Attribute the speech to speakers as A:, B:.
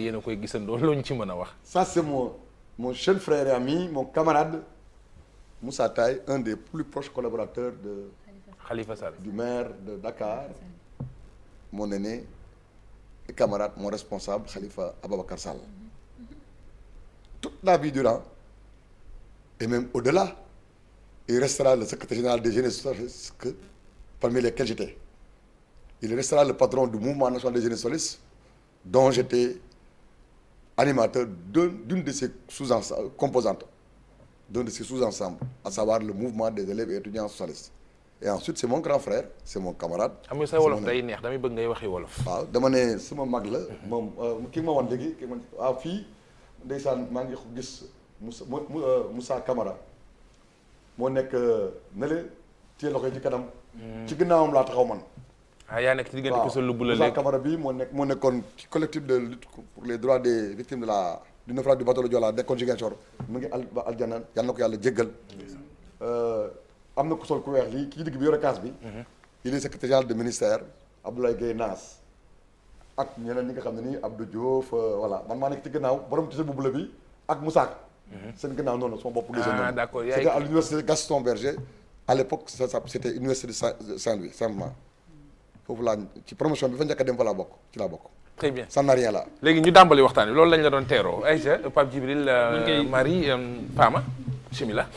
A: yéen a koy gisandoo looñ ci mën a wax. ça c'est mon mon jeune frère et ami mon camarade Moussa Taye un des plus proches collaborateurs de. Khalifa Sall du maire de Dakar. mon aîné et camarade mon responsable Khalifa Ababacar Sall. toute la vie durant et même au-delà il restera le secrétaire général des jeunes que parmi lesquels j'étais il restera le patron du mouvement national des jeunes dont j'étais animateur d'une de ses sous-ensembles composantes d'un de ses sous-ensembles à savoir le mouvement des élèves et étudiants socialistes et ensuite c'est mon grand frère c'est mon camarade xam nga sa wolof day neex damay bëgg ngay waxi wolof waaw dama ne sama mag la moom euh, ki ma woon léegi ki ma waaw fii ndeysaan maa ngi gis Moussa euh, Moussa Camara moo nekk euh, na le téye loxo yi ci kanam hmm. ci ginnaawam laa taxaw man ah yaa nekk ci diggante Koso Lubu la léegi Camara bi moo nekk collectif de lutte pour les droits des victimes de la du naufrage du bateau Joola nekkoon Ziguinchor mu ngi al ba na ko yàlla jéggal. Euh, am na ku ku weex lii kii digg bi yore kaas bi. Mhm. il est secrétaire de ministère Abdoulaye Guèye Naas. ak ñeneen nga xam ne nii Abdou Diouf euh, voilà man maa nekk ci gannaaw borom tissu bu bleu bi ak Moussa. Mhm. seen gannaaw noonu sama bopp. ah d'accord yaay c'était à l'université Gaston Berger foofu laa ci promotion bi fa njëkk a dem fa laa bokk ci laa bokk. très bien ça n'a rien là. léegi ñu dàmbali waxtaan wi loolu lañ la doon teeroo Aïcha Pape Djibril euh, Marie euh, Fama bismillah